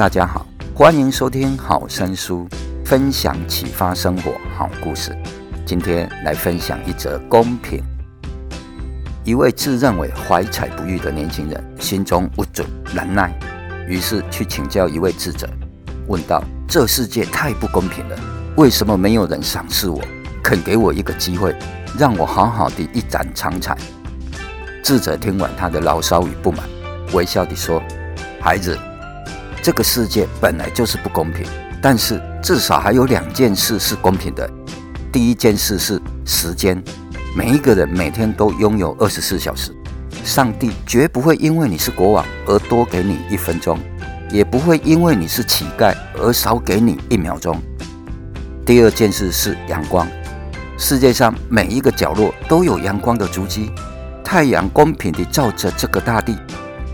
大家好，歡迎收聽好生書，分享啟發生活好故事。今天來分享一則公平。一位自認為懷才不遇的年輕人，心中無沮難耐，於是去請教一位智者，問道：“這世界太不公平了，為什麼沒有人賞識我，肯給我一個機會，讓我好好的一展長才？”智者聽完他的牢騷與不滿，微笑地說：“孩子。”這個世界本來就是不公平，但是至少還有兩件事是公平的。第一件事是時間，每一個人每天都擁有二十四小時。上帝絕不會因為你是國王而多給你一分鐘，也不會因為你是乞丐而少給你一秒鐘。第二件事是陽光，世界上每一個角落都有陽光的足迹，太陽公平地照着這個大地，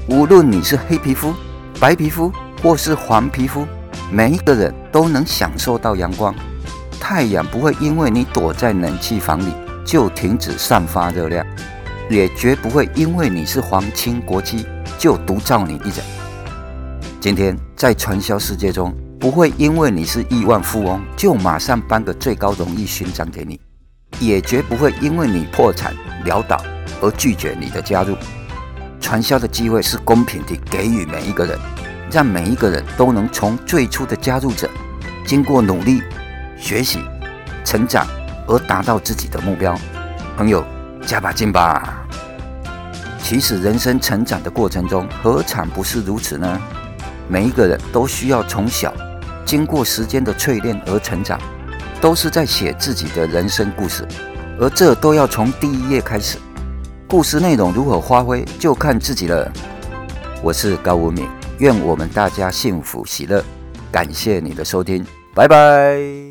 無論你是黑皮膚、白皮膚。或是黃皮膚，每一個人都能享受到陽光。太陽不會因為你躲在冷氣房裡就停止散發熱量，也絕不會因為你是皇親國戚就獨照你一人。今天在傳銷世界中，不會因為你是億萬富翁就馬上頒個最高榮譽勳章給你，也絕不會因為你破產潦倒而拒絕你的加入。傳銷的機會是公平的，給予每一個人。讓每一個人都能從最初的加入者，經過努力、學習、成長而達到自己的目標。朋友，加把勁吧！其實人生成長的過程中，何嘗不是如此呢？每一個人都需要從小經過時間的淬煉而成長，都是在寫自己的人生故事，而這都要從第一頁開始。故事內容如何發揮，就看自己了。我是高文明。願我們大家幸福喜樂，感謝你的收聽，拜拜。